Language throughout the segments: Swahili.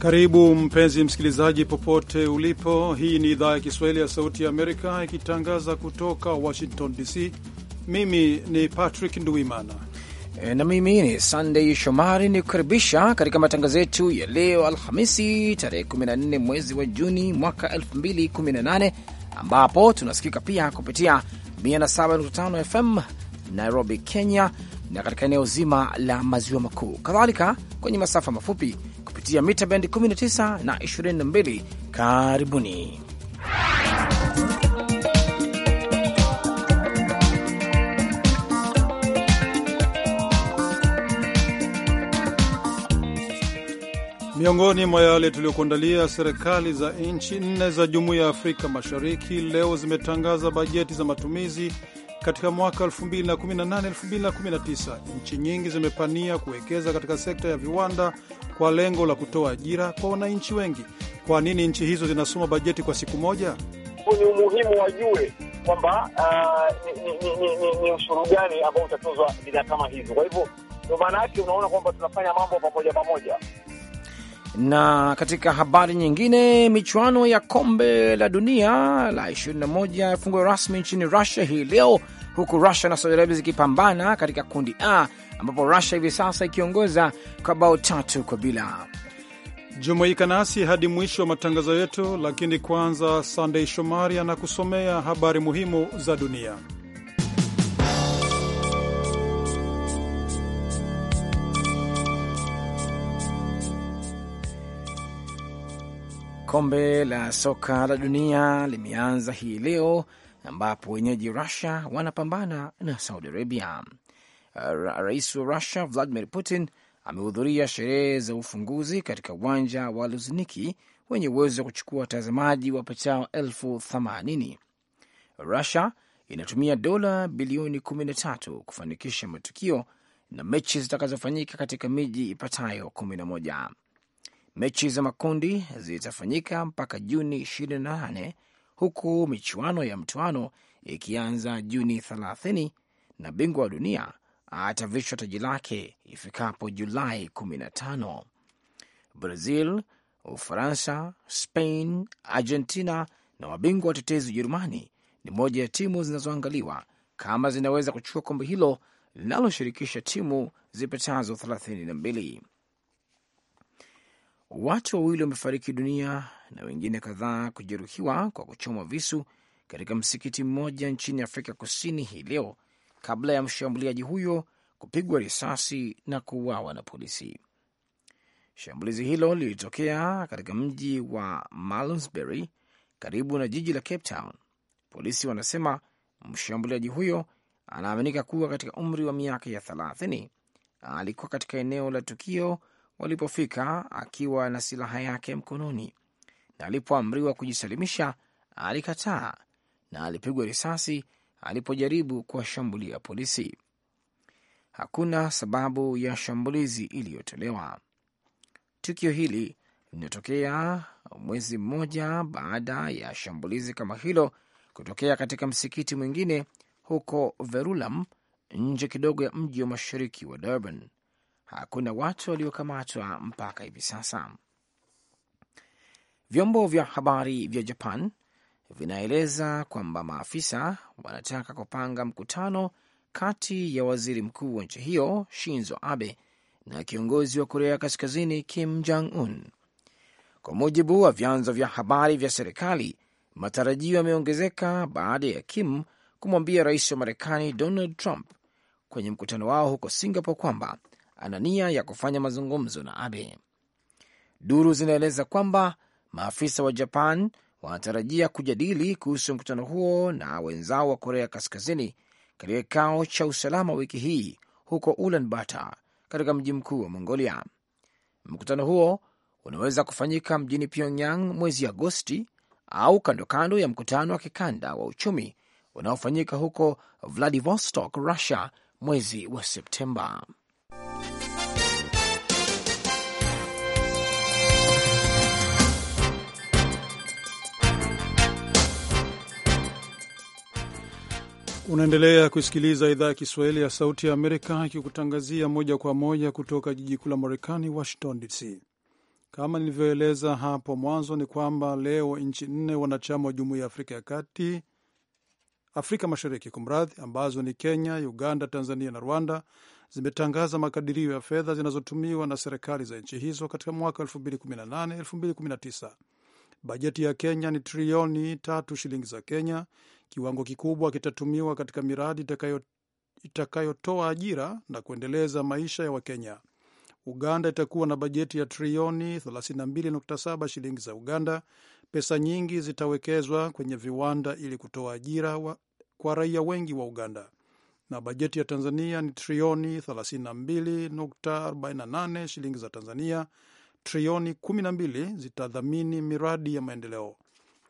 Karibu mpenzi msikilizaji, popote ulipo. Hii ni idhaa ya Kiswahili ya Sauti ya Amerika ikitangaza kutoka Washington DC. Mimi ni Patrick Nduimana e, na mimi ni Sunday Shomari ni kukaribisha katika matangazo yetu ya leo Alhamisi, tarehe 14 mwezi wa Juni mwaka 2018 ambapo tunasikika pia kupitia 107.5 FM Nairobi, Kenya na katika eneo zima la maziwa makuu, kadhalika kwenye masafa mafupi kupitia mita bendi 19 na 22. Karibuni. Miongoni mwa yale tuliyokuandalia, serikali za nchi nne za Jumuiya ya Afrika Mashariki leo zimetangaza bajeti za matumizi katika mwaka 2018-2019 nchi nyingi zimepania kuwekeza katika sekta ya viwanda kwa lengo la kutoa ajira kwa wananchi wengi. Kwa nini nchi hizo zinasoma bajeti kwa siku moja? Ni umuhimu wajue kwamba uh, ni, ni, ni, ni, ni ushuru gani ambao utatozwa bidhaa kama hizo. Kwa hivyo ndio maana yake unaona kwamba tunafanya mambo pamoja pamoja. Na katika habari nyingine, michuano ya kombe la dunia la 21 yafungwa rasmi nchini Rusia hii leo, huku Rusia na Saudi Arabia zikipambana katika kundi A ambapo Rusia hivi sasa ikiongoza kwa bao tatu kwa bila. Jumuika nasi hadi mwisho wa matangazo yetu, lakini kwanza, Sandei Shomari anakusomea habari muhimu za dunia. Kombe la soka la dunia limeanza hii leo ambapo wenyeji Rusia wanapambana na Saudi Arabia. Rais wa Rusia Vladimir Putin amehudhuria sherehe za ufunguzi katika uwanja wa Luzniki wenye uwezo wa kuchukua watazamaji wapatao elfu themanini. Rusia inatumia dola bilioni 13 kufanikisha matukio na mechi zitakazofanyika katika miji ipatayo 11. Mechi za makundi zitafanyika mpaka Juni 28 huku michuano ya mtoano ikianza Juni 30 na bingwa wa dunia atavishwa taji lake ifikapo Julai 15. Brazil, Ufaransa, Spain, Argentina na wabingwa watetezi Ujerumani ni moja ya timu zinazoangaliwa kama zinaweza kuchukua kombe hilo linaloshirikisha timu zipatazo 32. Watu wawili wamefariki dunia na wengine kadhaa kujeruhiwa kwa kuchomwa visu katika msikiti mmoja nchini Afrika Kusini hii leo kabla ya mshambuliaji huyo kupigwa risasi na kuuawa na polisi. Shambulizi hilo lilitokea katika mji wa Malmesbury karibu na jiji la Cape Town. Polisi wanasema mshambuliaji huyo anaaminika kuwa katika umri wa miaka ya thelathini. Alikuwa katika eneo la tukio walipofika akiwa na silaha yake mkononi, na alipoamriwa kujisalimisha alikataa na alipigwa risasi alipojaribu kuwashambulia polisi. Hakuna sababu ya shambulizi iliyotolewa. Tukio hili linatokea mwezi mmoja baada ya shambulizi kama hilo kutokea katika msikiti mwingine huko Verulam, nje kidogo ya mji wa mashariki wa Durban hakuna watu waliokamatwa mpaka hivi sasa. Vyombo vya habari vya Japan vinaeleza kwamba maafisa wanataka kupanga mkutano kati ya waziri mkuu wa nchi hiyo Shinzo Abe na kiongozi wa Korea Kaskazini Kim Jong Un. Kwa mujibu wa vyanzo vya habari vya serikali, matarajio yameongezeka baada ya Kim kumwambia rais wa Marekani Donald Trump kwenye mkutano wao huko Singapore kwamba ana nia ya kufanya mazungumzo na Abe. Duru zinaeleza kwamba maafisa wa Japan wanatarajia kujadili kuhusu mkutano huo na wenzao wa Korea Kaskazini katika kikao cha usalama wiki hii huko Ulaanbaatar katika mji mkuu wa Mongolia. Mkutano huo unaweza kufanyika mjini Pyongyang mwezi Agosti au kando kando ya mkutano wa kikanda wa uchumi unaofanyika huko Vladivostok, Russia mwezi wa Septemba. Unaendelea kusikiliza idhaa ya Kiswahili ya Sauti ya Amerika ikikutangazia moja kwa moja kutoka jiji kuu la Marekani, Washington DC. Kama nilivyoeleza hapo mwanzo, ni kwamba leo nchi nne wanachama wa Jumuiya ya Afrika ya Kati, Afrika Mashariki kumradhi, ambazo ni Kenya, Uganda, Tanzania na Rwanda zimetangaza makadirio ya fedha zinazotumiwa na serikali za nchi hizo katika mwaka 2018 2019. Bajeti ya Kenya ni trilioni tatu shilingi za Kenya, kiwango kikubwa kitatumiwa katika miradi itakayotoa itakayo ajira na kuendeleza maisha ya Wakenya. Uganda itakuwa na bajeti ya trilioni 32.7 shilingi za Uganda. Pesa nyingi zitawekezwa kwenye viwanda ili kutoa ajira wa, kwa raia wengi wa Uganda. Na bajeti ya Tanzania ni trilioni 32.48 shilingi za Tanzania. Trilioni 12 zitadhamini miradi ya maendeleo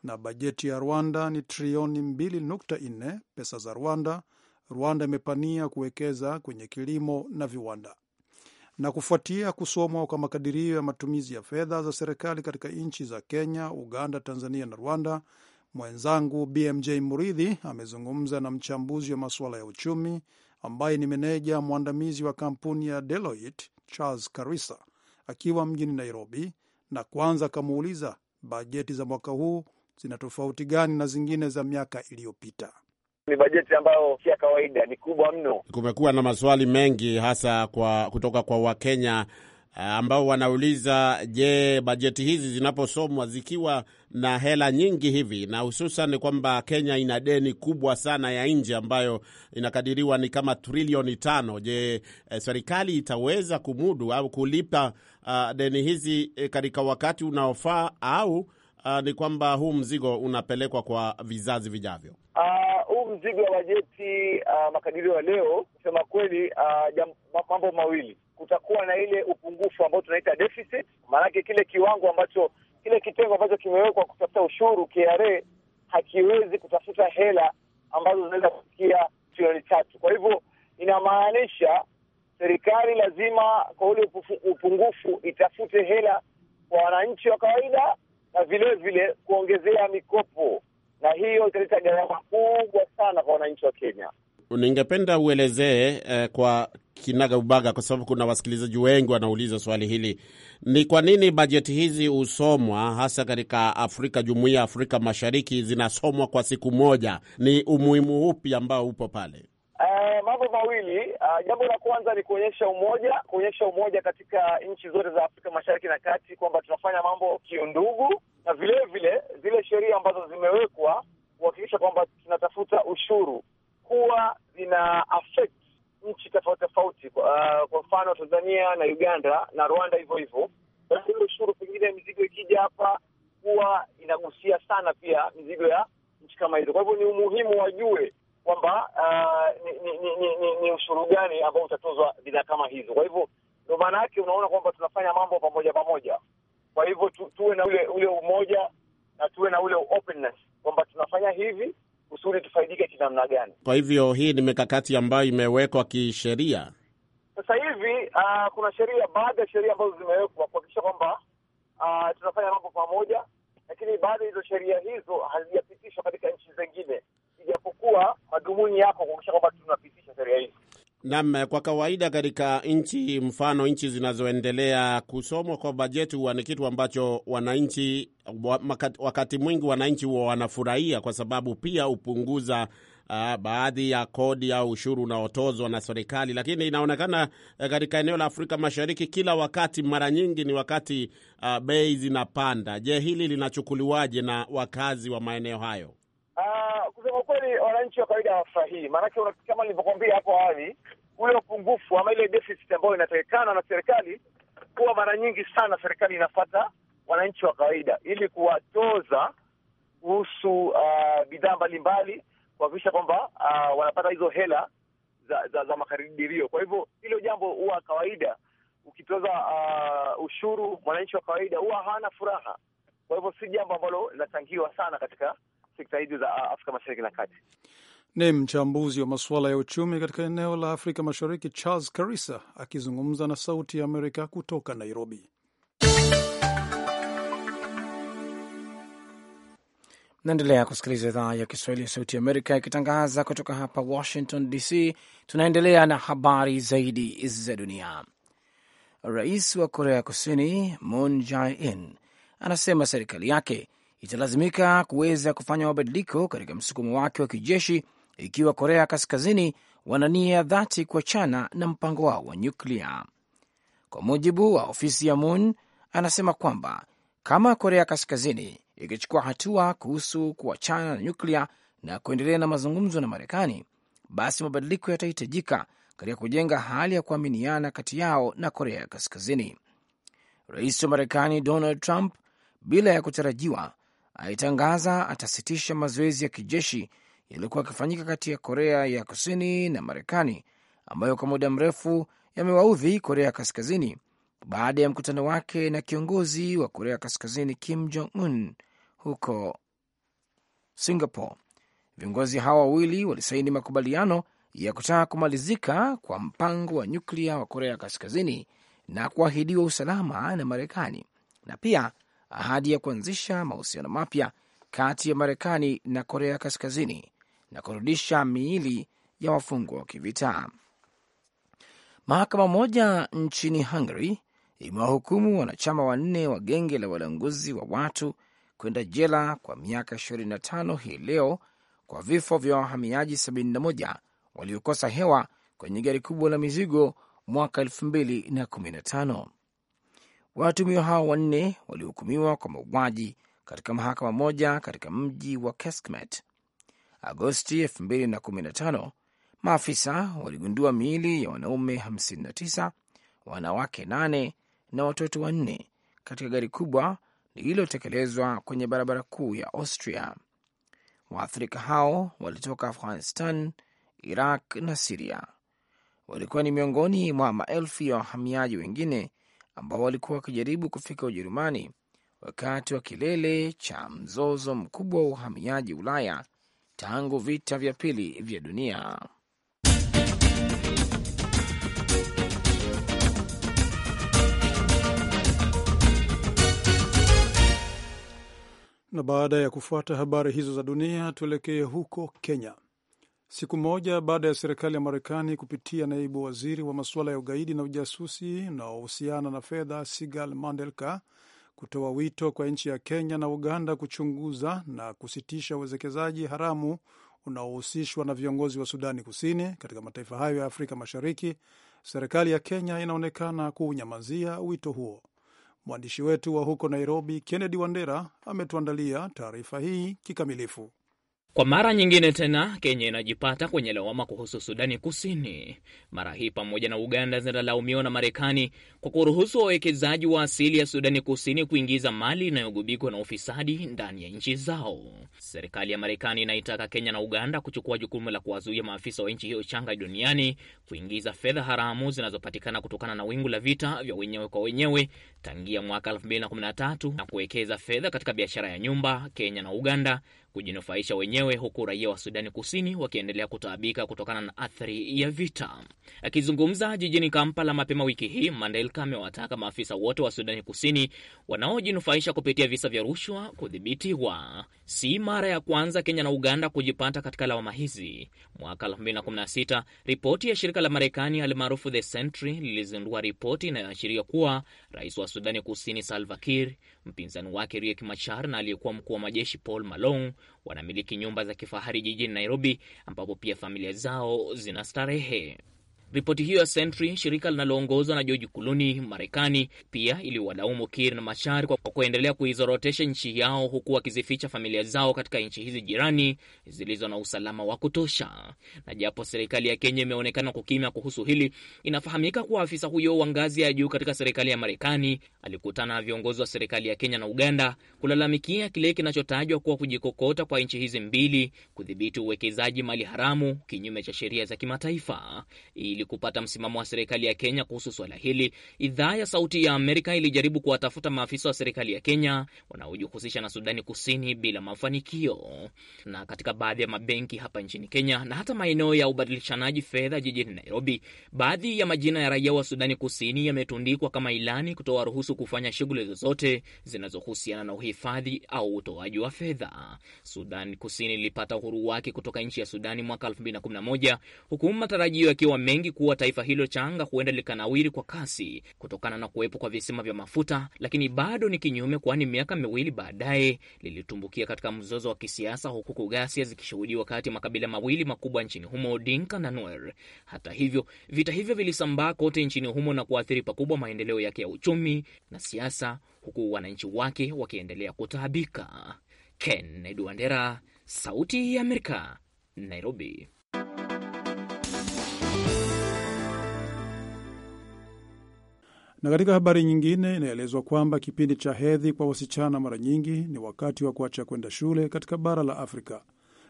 na bajeti ya Rwanda ni trilioni 2.4 pesa za Rwanda. Rwanda imepania kuwekeza kwenye kilimo na viwanda. Na kufuatia kusomwa kwa makadirio ya matumizi ya fedha za serikali katika nchi za Kenya, Uganda, Tanzania na Rwanda, mwenzangu BMJ Muridhi amezungumza na mchambuzi wa masuala ya uchumi ambaye ni meneja mwandamizi wa kampuni ya Deloitte Charles Karisa akiwa mjini Nairobi, na kwanza akamuuliza bajeti za mwaka huu zina tofauti gani na zingine za miaka iliyopita? Ni bajeti ambayo si ya kawaida, ni kubwa mno. Kumekuwa na maswali mengi hasa kwa kutoka kwa Wakenya eh, ambao wanauliza je, bajeti hizi zinaposomwa zikiwa na hela nyingi hivi, na hususan kwamba Kenya ina deni kubwa sana ya nje ambayo inakadiriwa ni kama trilioni tano. Je, eh, serikali itaweza kumudu au kulipa uh, deni hizi eh, katika wakati unaofaa au uh, ni kwamba huu mzigo unapelekwa kwa vizazi vijavyo. Uh, huu mzigo wa bajeti uh, ah, makadirio ya leo kusema kweli, uh, mambo mawili, kutakuwa na ile upungufu ambao tunaita deficit, maanake kile kiwango ambacho kile kitengo ambacho kimewekwa kutafuta ushuru KRA hakiwezi kutafuta hela ambazo zinaweza kufikia trilioni tatu. Kwa hivyo inamaanisha serikali lazima kwa ule upungufu itafute hela kwa wananchi wa kawaida na vile vile kuongezea mikopo, na hiyo italeta gharama kubwa sana kwa wananchi wa Kenya. Ningependa uelezee eh, kwa kinaga ubaga, kwa sababu kuna wasikilizaji wengi wanauliza swali hili: ni kwa nini bajeti hizi husomwa hasa katika Afrika, jumuiya ya Afrika Mashariki, zinasomwa kwa siku moja? Ni umuhimu upi ambao upo pale? Uh, mambo mawili. Uh, jambo la kwanza ni kuonyesha umoja, kuonyesha umoja katika nchi zote za Afrika Mashariki na Kati kwamba tunafanya mambo kiundugu, na vile vile zile sheria ambazo zimewekwa kuhakikisha kwamba tunatafuta ushuru huwa zina affect nchi tofauti tofauti. Uh, kwa mfano Tanzania na Uganda na Rwanda hivyo hivyo, basi ushuru pengine mizigo ikija hapa huwa inagusia sana pia mizigo ya nchi kama hizo. Kwa hivyo ni umuhimu wajue kwamba uh, ni, ni, ni, ni, ni ushuru gani ambao utatozwa bidhaa kama hizo. Kwa hivyo ndio maana yake unaona kwamba tunafanya mambo pamoja pamoja. Kwa hivyo tu, tuwe na ule ule umoja na tuwe na ule openness kwamba tunafanya hivi kusudi tufaidike kinamna gani. Kwa hivyo hii ni mikakati ambayo imewekwa kisheria. Sasa hivi uh, kuna sheria, baadhi ya sheria ambazo zimewekwa kuhakikisha kwamba uh, tunafanya mambo pamoja, lakini baadhi ya hizo sheria hizo hazijapitishwa katika nchi zingine ijapokuwa madhumuni yako kuhakikisha kwamba tunapitisha sheria hizi. Naam, kwa kawaida katika nchi mfano nchi zinazoendelea, kusomwa kwa bajeti huwa ni kitu ambacho wananchi wakati mwingi wananchi huwa wanafurahia, kwa sababu pia hupunguza uh, baadhi ya kodi au ushuru unaotozwa na serikali. Lakini inaonekana eh, katika eneo la Afrika Mashariki kila wakati, mara nyingi ni wakati uh, bei zinapanda. Je, hili linachukuliwaje na wakazi wa maeneo hayo? Uh, kusema kweli wananchi wa kawaida hawafurahii, maanake kama nilivyokwambia hapo awali, ule upungufu ama ile deficit ambayo inatakikana na serikali, huwa mara nyingi sana serikali inafata wananchi wa kawaida ili kuwatoza kuhusu uh, bidhaa mbalimbali kuhakikisha kwamba uh, wanapata hizo hela za, za, za makadirio. Kwa hivyo hilo jambo huwa kawaida, ukitoza uh, ushuru mwananchi wa kawaida huwa hana furaha. Kwa hivyo si jambo ambalo linachangiwa sana katika sekta hizi za Afrika Mashariki na Kati. Ni mchambuzi wa masuala ya uchumi katika eneo la Afrika Mashariki Charles Karisa akizungumza na Sauti ya Amerika kutoka Nairobi. Naendelea kusikiliza idhaa ya Kiswahili ya Sauti ya Amerika ikitangaza kutoka hapa Washington DC. Tunaendelea na habari zaidi za dunia. Rais wa Korea Kusini Moon Jae-in anasema serikali yake italazimika kuweza kufanya mabadiliko katika msukumo wake wa kijeshi ikiwa Korea Kaskazini wana nia ya dhati kuachana na mpango wao wa nyuklia. Kwa mujibu wa ofisi ya Moon, anasema kwamba kama Korea Kaskazini ikichukua hatua kuhusu kuachana na nyuklia na kuendelea na mazungumzo na Marekani, basi mabadiliko yatahitajika katika kujenga hali ya kuaminiana kati yao na Korea Kaskazini. Rais wa Marekani Donald Trump bila ya kutarajiwa alitangaza atasitisha mazoezi ya kijeshi yaliyokuwa yakifanyika kati ya Korea ya Kusini na Marekani ambayo kwa muda mrefu yamewaudhi Korea Kaskazini baada ya mkutano wake na kiongozi wa Korea Kaskazini Kim Jong Un huko Singapore. Viongozi hawa wawili walisaini makubaliano ya kutaka kumalizika kwa mpango wa nyuklia wa Korea Kaskazini na kuahidiwa usalama na Marekani na pia ahadi ya kuanzisha mahusiano mapya kati ya Marekani na Korea Kaskazini na kurudisha miili ya wafungwa wa kivita. Mahakama moja nchini Hungary imewahukumu wanachama wanne wa genge la walanguzi wa watu kwenda jela kwa miaka 25 hii leo kwa vifo vya wahamiaji 71 waliokosa hewa kwenye gari kubwa la mizigo mwaka 2015 watumiwa hao wanne walihukumiwa kwa mauaji katika mahakama moja katika mji wa Keskmet. Agosti 2015 maafisa waligundua miili ya wanaume 59, wanawake 8 na watoto wanne katika gari kubwa lililotekelezwa kwenye barabara kuu ya Austria. Waathirika hao walitoka Afghanistan, Iraq na Siria. Walikuwa ni miongoni mwa maelfu ya wahamiaji wengine ambao walikuwa wakijaribu kufika Ujerumani wakati wa kilele cha mzozo mkubwa wa uhamiaji Ulaya tangu vita vya pili vya dunia. Na baada ya kufuata habari hizo za dunia, tuelekee huko Kenya siku moja baada ya serikali ya Marekani kupitia naibu waziri wa masuala ya ugaidi na ujasusi unaohusiana na fedha Sigal Mandelka kutoa wito kwa nchi ya Kenya na Uganda kuchunguza na kusitisha uwekezaji haramu unaohusishwa na viongozi wa Sudani Kusini katika mataifa hayo ya Afrika Mashariki, serikali ya Kenya inaonekana kuunyamazia wito huo. Mwandishi wetu wa huko Nairobi, Kennedy Wandera, ametuandalia taarifa hii kikamilifu. Kwa mara nyingine tena Kenya inajipata kwenye lawama kuhusu Sudani Kusini. Mara hii pamoja na Uganda zinalaumiwa na Marekani kwa kuruhusu wawekezaji wa asili ya Sudani Kusini kuingiza mali inayogubikwa na ufisadi ndani ya nchi zao. Serikali ya Marekani inaitaka Kenya na Uganda kuchukua jukumu la kuwazuia maafisa wa nchi hiyo changa duniani kuingiza fedha haramu zinazopatikana kutokana na wingu la vita vya wenyewe kwa wenyewe tangia mwaka 2013 na kuwekeza fedha katika biashara ya nyumba Kenya na Uganda kujinufaisha wenyewe, huku raia wa Sudani Kusini wakiendelea kutaabika kutokana na athari ya vita. Akizungumza jijini Kampala mapema wiki hii, Mandel Kame wataka maafisa wote wa Sudani Kusini wanaojinufaisha kupitia visa vya rushwa kudhibitiwa. Si mara ya kwanza Kenya na Uganda kujipata katika lawama hizi. Mwaka 2016 ripoti ya shirika la Marekani almaarufu The Sentry lilizindua ripoti inayoashiria kuwa Rais wa Sudani Kusini Salva Kiir, mpinzani wake Riek Machar na aliyekuwa mkuu wa majeshi Paul Malong wanamiliki nyumba za kifahari jijini Nairobi, ambapo pia familia zao zina starehe. Ripoti hiyo ya Sentry, shirika linaloongozwa na George Kuluni Marekani, pia iliwalaumu kir na Machar kwa kuendelea kuizorotesha nchi yao huku wakizificha familia zao katika nchi hizi jirani zilizo na usalama wa kutosha. Na japo serikali ya Kenya imeonekana kukimya kuhusu hili, inafahamika kuwa afisa huyo wa ngazi ya juu katika serikali ya Marekani alikutana na viongozi wa serikali ya Kenya na Uganda kulalamikia kile kinachotajwa kuwa kujikokota kwa nchi hizi mbili kudhibiti uwekezaji mali haramu kinyume cha sheria za kimataifa ili ili kupata msimamo wa serikali ya Kenya kuhusu swala hili, idhaa ya Sauti ya Amerika ilijaribu kuwatafuta maafisa wa serikali ya Kenya wanaojihusisha na Sudani Kusini bila mafanikio. Na katika baadhi ya mabenki hapa nchini Kenya na hata maeneo ya ubadilishanaji fedha jijini Nairobi, baadhi ya majina ya raia wa Sudani Kusini yametundikwa kama ilani kutoa ruhusu kufanya shughuli zozote zinazohusiana na uhifadhi au utoaji wa fedha. Sudani Kusini ilipata uhuru wake kutoka nchi ya Sudani mwaka 2011 huku matarajio yakiwa mengi imani kuwa taifa hilo changa huenda likanawiri kwa kasi kutokana na kuwepo kwa visima vya mafuta, lakini bado ni kinyume, kwani miaka miwili baadaye lilitumbukia katika mzozo wa kisiasa, huku ghasia zikishuhudiwa kati ya makabila mawili makubwa nchini humo, Dinka na Nuer. Hata hivyo, vita hivyo vilisambaa kote nchini humo na kuathiri pakubwa maendeleo yake ya uchumi na siasa, huku wananchi wake wakiendelea kutaabika. Ken Edwandera, Sauti ya Amerika, Nairobi. Na katika habari nyingine, inaelezwa kwamba kipindi cha hedhi kwa wasichana mara nyingi ni wakati wa kuacha kwenda shule katika bara la Afrika.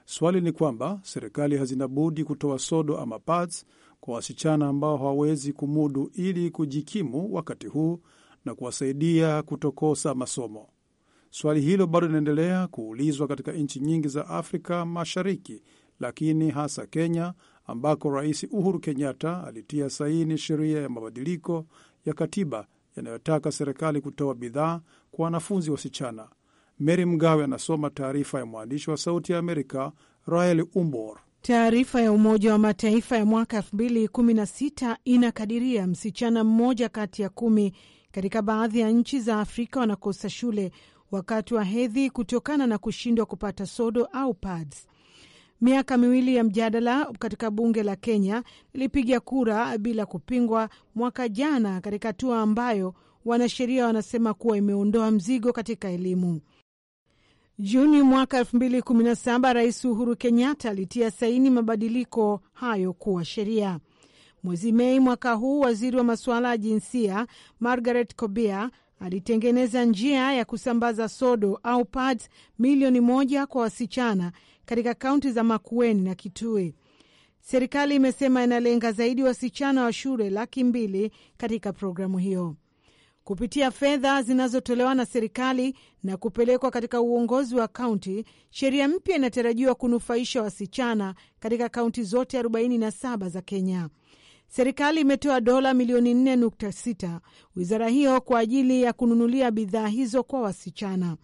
Swali ni kwamba serikali hazina budi kutoa sodo ama pads kwa wasichana ambao hawawezi kumudu ili kujikimu wakati huu na kuwasaidia kutokosa masomo. Swali hilo bado linaendelea kuulizwa katika nchi nyingi za Afrika Mashariki, lakini hasa Kenya ambako Rais Uhuru Kenyatta alitia saini sheria ya mabadiliko ya katiba yanayotaka serikali kutoa bidhaa kwa wanafunzi wasichana. Mary Mgawe anasoma taarifa ya mwandishi wa Sauti ya Amerika Rael Umbor. Taarifa ya Umoja wa Mataifa ya mwaka 2016 inakadiria msichana mmoja kati ya kumi katika baadhi ya nchi za Afrika wanakosa shule wakati wa hedhi kutokana na kushindwa kupata sodo au pads. Miaka miwili ya mjadala katika bunge la Kenya ilipiga kura bila kupingwa mwaka jana, katika hatua ambayo wanasheria wanasema kuwa imeondoa mzigo katika elimu. Juni mwaka 2017 Rais Uhuru Kenyatta alitia saini mabadiliko hayo kuwa sheria. Mwezi Mei mwaka huu, waziri wa masuala ya jinsia Margaret Kobia alitengeneza njia ya kusambaza sodo au pads milioni moja kwa wasichana katika kaunti za Makueni na Kitui. Serikali imesema inalenga zaidi wasichana wa shule laki mbili katika programu hiyo kupitia fedha zinazotolewa na serikali na kupelekwa katika uongozi wa kaunti. Sheria mpya inatarajiwa kunufaisha wasichana katika kaunti zote 47 za Kenya. Serikali imetoa dola milioni 4.6 wizara hiyo kwa ajili ya kununulia bidhaa hizo kwa wasichana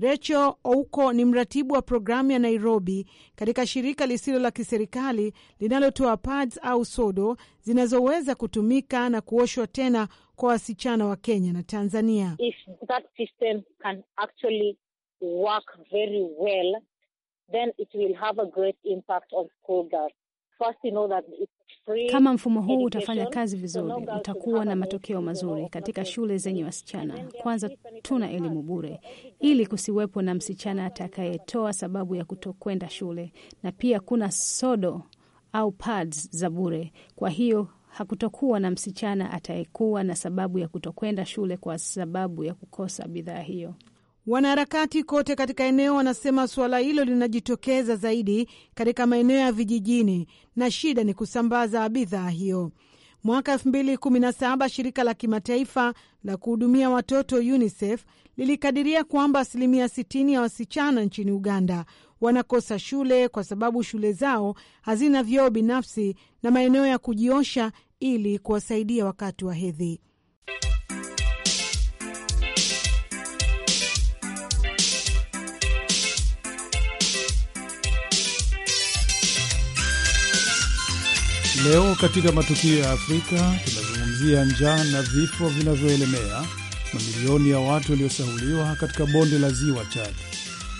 recho Ouko ni mratibu wa programu ya Nairobi katika shirika lisilo la kiserikali linalotoa pads au sodo zinazoweza kutumika na kuoshwa tena kwa wasichana wa Kenya na Tanzania. If that system can actually work very well, then it will have a great impact on school girls. Kama mfumo huu utafanya kazi vizuri, utakuwa na matokeo mazuri katika shule zenye wasichana. Kwanza, tuna elimu bure ili kusiwepo na msichana atakayetoa sababu ya kutokwenda shule, na pia kuna sodo au pads za bure. Kwa hiyo hakutokuwa na msichana atayekuwa na sababu ya kutokwenda shule kwa sababu ya kukosa bidhaa hiyo. Wanaharakati kote katika eneo wanasema suala hilo linajitokeza zaidi katika maeneo ya vijijini na shida ni kusambaza bidhaa hiyo. Mwaka 2017 shirika la kimataifa la kuhudumia watoto UNICEF lilikadiria kwamba asilimia 60 ya wasichana nchini Uganda wanakosa shule kwa sababu shule zao hazina vyoo binafsi na maeneo ya kujiosha ili kuwasaidia wakati wa hedhi. Leo katika matukio ya Afrika tunazungumzia njaa na vifo vinavyoelemea mamilioni ya watu waliosahuliwa katika bonde la ziwa Chad.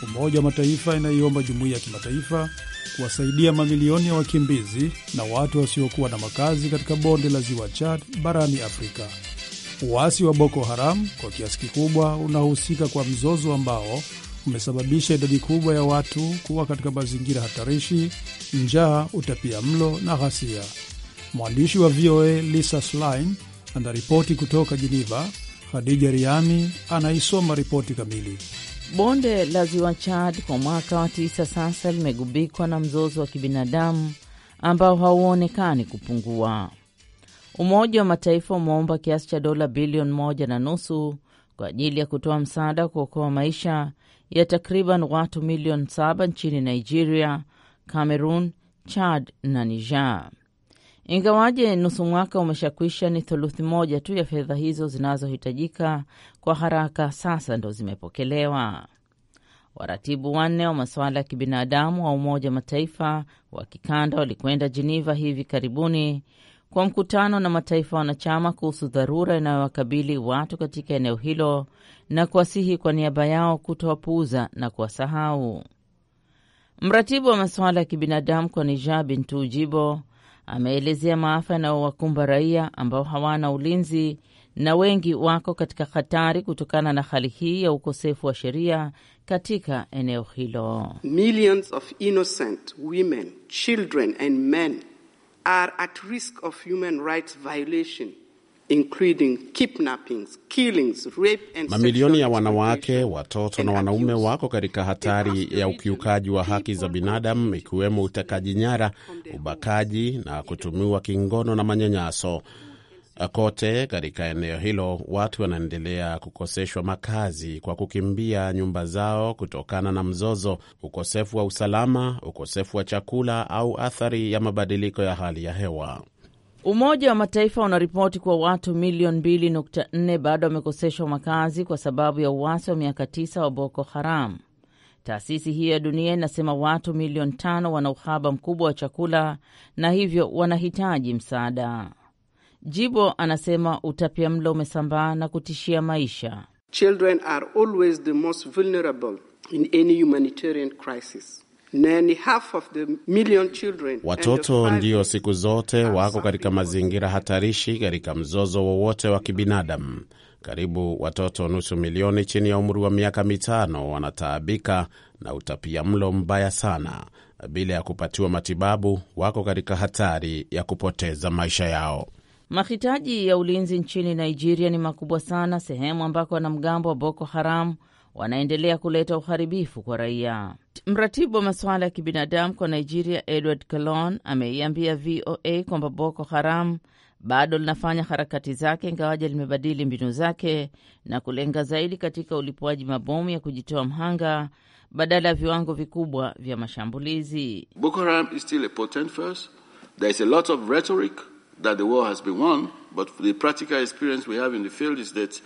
Umoja wa Mataifa inaiomba jumuiya ya kimataifa kuwasaidia mamilioni ya wakimbizi na watu wasiokuwa na makazi katika bonde la ziwa Chad barani Afrika. Uasi wa Boko Haram kwa kiasi kikubwa unahusika kwa mzozo ambao umesababisha idadi kubwa ya watu kuwa katika mazingira hatarishi, njaa, utapia mlo na ghasia. Mwandishi wa VOA Lisa Schlein anaripoti kutoka jeniva Khadija Riami anaisoma ripoti kamili. Bonde la ziwa Chad kwa mwaka wa tisa sasa limegubikwa na mzozo wa kibinadamu ambao hauonekani kupungua. Umoja wa Mataifa umeomba kiasi cha dola bilioni moja na nusu kwa ajili ya kutoa msaada wa kuokoa maisha ya takriban watu milioni saba nchini Nigeria, Cameroon, Chad na Niger. Ingawaje nusu mwaka umeshakwisha, ni thuluthi moja tu ya fedha hizo zinazohitajika kwa haraka sasa ndo zimepokelewa. Waratibu wanne wa masuala ya kibinadamu wa Umoja wa Mataifa wa kikanda walikwenda Geneva hivi karibuni kwa mkutano na mataifa wanachama kuhusu dharura inayowakabili watu katika eneo hilo na kuwasihi kwa niaba yao kutowapuuza na kuwasahau. Mratibu wa masuala ya kibinadamu kwa nijaa bintu jibo ameelezea maafa yanayowakumba raia ambao hawana ulinzi na wengi wako katika hatari kutokana na hali hii ya ukosefu wa sheria katika eneo hilo. Millions of innocent women, children and men are at risk of human rights violation. Including kidnappings, killings, rape and mamilioni ya wanawake, watoto na wanaume wako katika hatari ya ukiukaji wa haki za binadamu ikiwemo utekaji nyara, ubakaji na kutumiwa kingono na manyanyaso. Kote katika eneo hilo watu wanaendelea kukoseshwa makazi kwa kukimbia nyumba zao kutokana na mzozo, ukosefu wa usalama, ukosefu wa chakula au athari ya mabadiliko ya hali ya hewa. Umoja wa Mataifa unaripoti kuwa watu milioni 2.4 bado wamekoseshwa makazi kwa sababu ya uasi wa miaka tisa wa Boko Haram. Taasisi hiyo ya dunia inasema watu milioni tano wana uhaba mkubwa wa chakula na hivyo wanahitaji msaada. Jibo anasema utapia mlo umesambaa na kutishia maisha. Children are always the most vulnerable in any humanitarian crisis. Half of the million children, watoto ndio siku zote wako katika mazingira hatarishi katika mzozo wowote wa kibinadamu. Karibu watoto nusu milioni chini ya umri wa miaka mitano wanataabika na utapia mlo mbaya sana. Bila ya kupatiwa matibabu, wako katika hatari ya kupoteza maisha yao. Mahitaji ya ulinzi nchini Nigeria ni makubwa sana, sehemu ambako wanamgambo wa Boko Haram wanaendelea kuleta uharibifu kwa raia. Mratibu wa masuala ya kibinadamu kwa Nigeria, Edward Calon, ameiambia VOA kwamba Boko Haram bado linafanya harakati zake, ingawaja limebadili mbinu zake na kulenga zaidi katika ulipuaji mabomu ya kujitoa mhanga badala ya viwango vikubwa vya mashambulizi. Boko Haram is still a potent force. There is a lot of rhetoric that the war has been won, but the practical experience we have in the field is that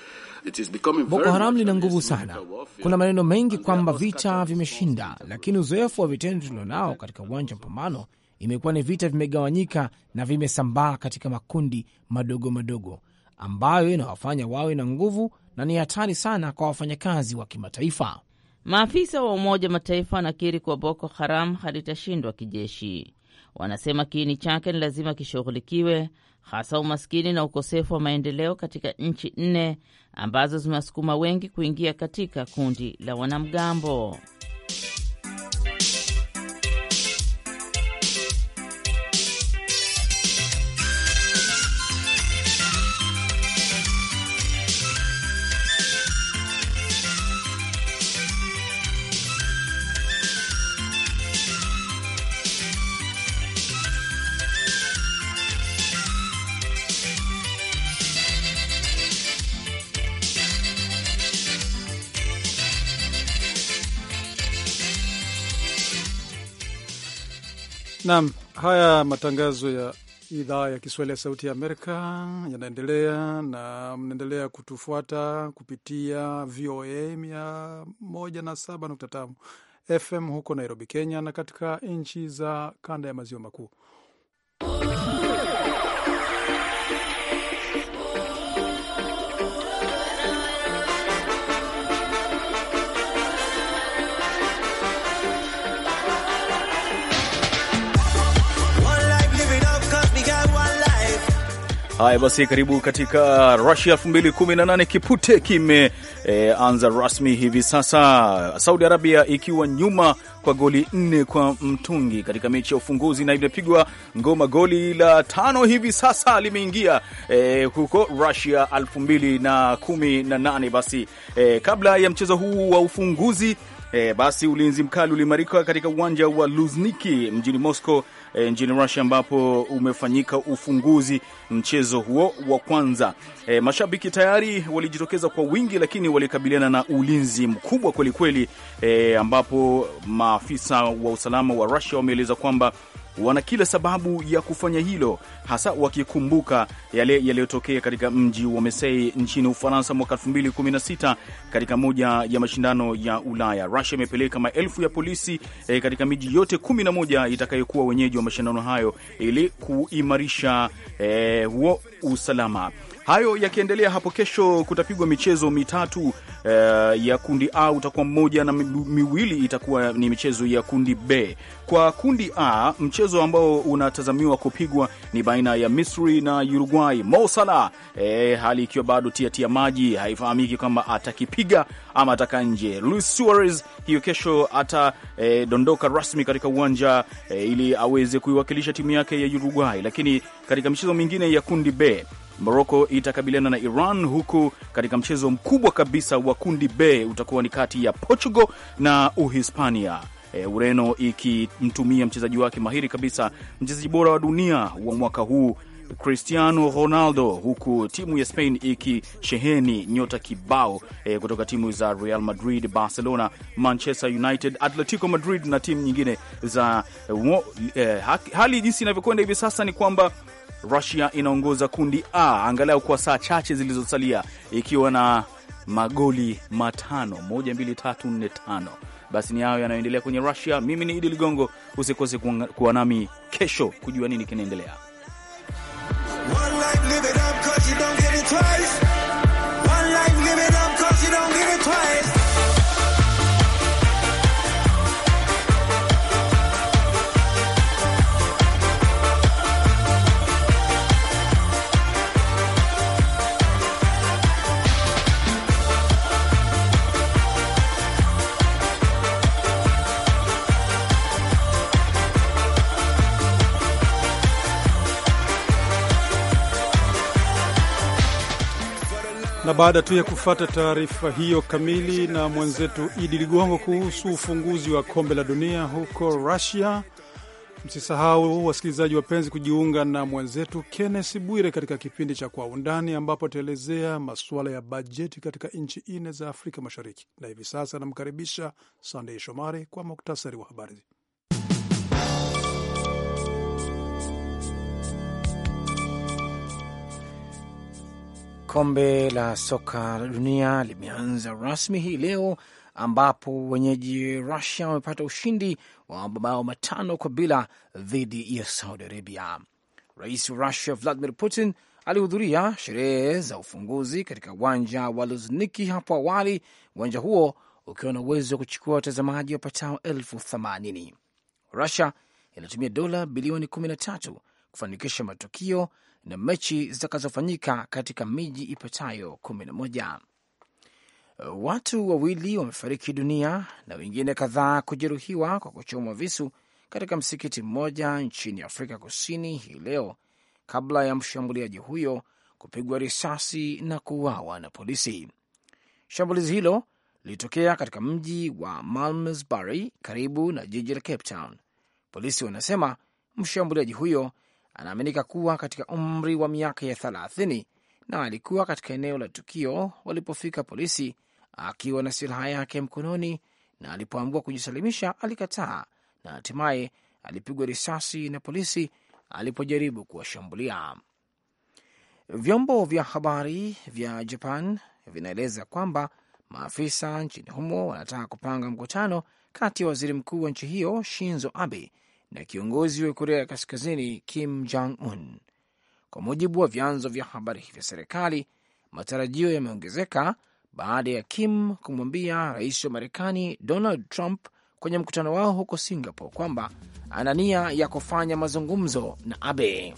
it is becoming Boko Haram lina nguvu sana. Kuna maneno mengi kwamba vita vimeshinda, lakini uzoefu wa vitendo tulionao katika uwanja wa mapambano imekuwa ni vita vimegawanyika na vimesambaa katika makundi madogo madogo ambayo inawafanya wawe na nguvu na ni hatari sana kwa wafanyakazi wa kimataifa. Maafisa wa Umoja Mataifa wanakiri kuwa Boko Haram halitashindwa kijeshi. Wanasema kiini chake ni lazima kishughulikiwe, hasa umaskini na ukosefu wa maendeleo katika nchi nne ambazo zimewasukuma wengi kuingia katika kundi la wanamgambo. Naam, haya matangazo ya idhaa ya Kiswahili ya Sauti ya Amerika yanaendelea na mnaendelea kutufuata kupitia VOA mia moja na saba nukta tano FM huko Nairobi, Kenya, na katika nchi za kanda ya maziwa makuu. Haya basi, karibu katika Russia 2018 kipute kimeanza e, rasmi hivi sasa, Saudi Arabia ikiwa nyuma kwa goli nne kwa mtungi katika mechi ya ufunguzi, na imepigwa ngoma. Goli la tano hivi sasa limeingia e, huko Russia 2018. Basi e, kabla ya mchezo huu wa ufunguzi e, basi ulinzi mkali ulimarika katika uwanja wa Luzniki mjini Moscow e, nchini Russia ambapo umefanyika ufunguzi mchezo huo wa kwanza. E, mashabiki tayari walijitokeza kwa wingi, lakini walikabiliana na ulinzi mkubwa kwelikweli, e, ambapo maafisa wa usalama wa Russia wameeleza kwamba wana kila sababu ya kufanya hilo, hasa wakikumbuka yale yaliyotokea katika mji wa Marseille nchini Ufaransa mwaka 2016 katika moja ya mashindano ya Ulaya. Russia imepeleka maelfu ya polisi eh, katika miji yote 11 itakayokuwa wenyeji wa mashindano hayo ili kuimarisha eh, huo usalama. Hayo yakiendelea hapo kesho kutapigwa michezo mitatu uh, ya kundi A utakuwa mmoja na miwili itakuwa ni michezo ya kundi B. Kwa kundi A, mchezo ambao unatazamiwa kupigwa ni baina ya Misri na Uruguay. Mo Salah e, hali ikiwa bado tiatia maji, haifahamiki kwamba atakipiga ama ataka nje. Luis Suarez hiyo kesho atadondoka eh, e, rasmi katika uwanja e, ili aweze kuiwakilisha timu yake ya Uruguay, lakini katika michezo mingine ya kundi B Moroko itakabiliana na Iran, huku katika mchezo mkubwa kabisa wa kundi B utakuwa ni kati ya Portugal na Uhispania. E, Ureno ikimtumia mchezaji wake mahiri kabisa, mchezaji bora wa dunia wa mwaka huu Cristiano Ronaldo, huku timu ya Spain ikisheheni nyota kibao e, kutoka timu za Real Madrid, Barcelona, Manchester United, Atletico Madrid na timu nyingine za e, e hali jinsi inavyokwenda hivi sasa ni kwamba Rusia inaongoza kundi A angalau kwa saa chache zilizosalia ikiwa na magoli matano, moja, mbili, tatu, nne, tano. Basi ni hayo yanayoendelea kwenye Rusia. Mimi ni Idi Ligongo, usikose kuwa nami kesho kujua nini kinaendelea. baada tu ya kufata taarifa hiyo kamili na mwenzetu Idi Ligongo kuhusu ufunguzi wa kombe la dunia huko Russia. Msisahau wasikilizaji wapenzi, kujiunga na mwenzetu kennes Bwire katika kipindi cha Kwa Undani, ambapo ataelezea masuala ya bajeti katika nchi nne za Afrika Mashariki. Na hivi sasa anamkaribisha Sandey Shomari kwa muktasari wa habari. Kombe la soka la dunia limeanza rasmi hii leo ambapo wenyeji Rusia wamepata ushindi wa mabao matano kwa bila dhidi ya Saudi Arabia. Rais wa Rusia Vladimir Putin alihudhuria sherehe za ufunguzi katika uwanja wa Luzniki hapo awali, uwanja huo ukiwa na uwezo wa kuchukua watazamaji wapatao elfu themanini. Rusia inatumia dola bilioni 13 kufanikisha matukio na mechi zitakazofanyika katika miji ipatayo kumi na moja. Watu wawili wamefariki dunia na wengine kadhaa kujeruhiwa kwa kuchomwa visu katika msikiti mmoja nchini Afrika Kusini hii leo kabla ya mshambuliaji huyo kupigwa risasi na kuuawa na polisi. Shambulizi hilo lilitokea katika mji wa Malmesbury karibu na jiji la Cape Town. Polisi wanasema mshambuliaji huyo Anaaminika kuwa katika umri wa miaka ya thelathini na alikuwa katika eneo la tukio walipofika polisi akiwa na silaha yake mkononi, na alipoambua kujisalimisha alikataa na hatimaye alipigwa risasi na polisi alipojaribu kuwashambulia. Vyombo vya habari vya Japan vinaeleza kwamba maafisa nchini humo wanataka kupanga mkutano kati ya waziri mkuu wa nchi hiyo Shinzo Abe na kiongozi wa Korea ya Kaskazini Kim Jong Un. Kwa mujibu wa vyanzo vya habari vya serikali, matarajio yameongezeka baada ya Kim kumwambia rais wa Marekani Donald Trump kwenye mkutano wao huko Singapore kwamba ana nia ya kufanya mazungumzo na Abe.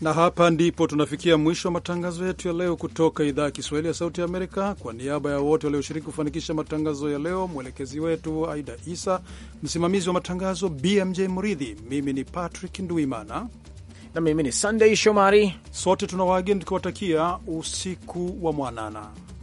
Na hapa ndipo tunafikia mwisho wa matangazo yetu ya leo kutoka idhaa ya Kiswahili ya Sauti Amerika. Kwa niaba ya wote walioshiriki kufanikisha matangazo ya leo, mwelekezi wetu Aida Isa, msimamizi wa matangazo BMJ Muridhi, mimi ni Patrick Nduimana na mimi ni Sunday Shomari, sote tuna wageni tukiwatakia usiku wa mwanana.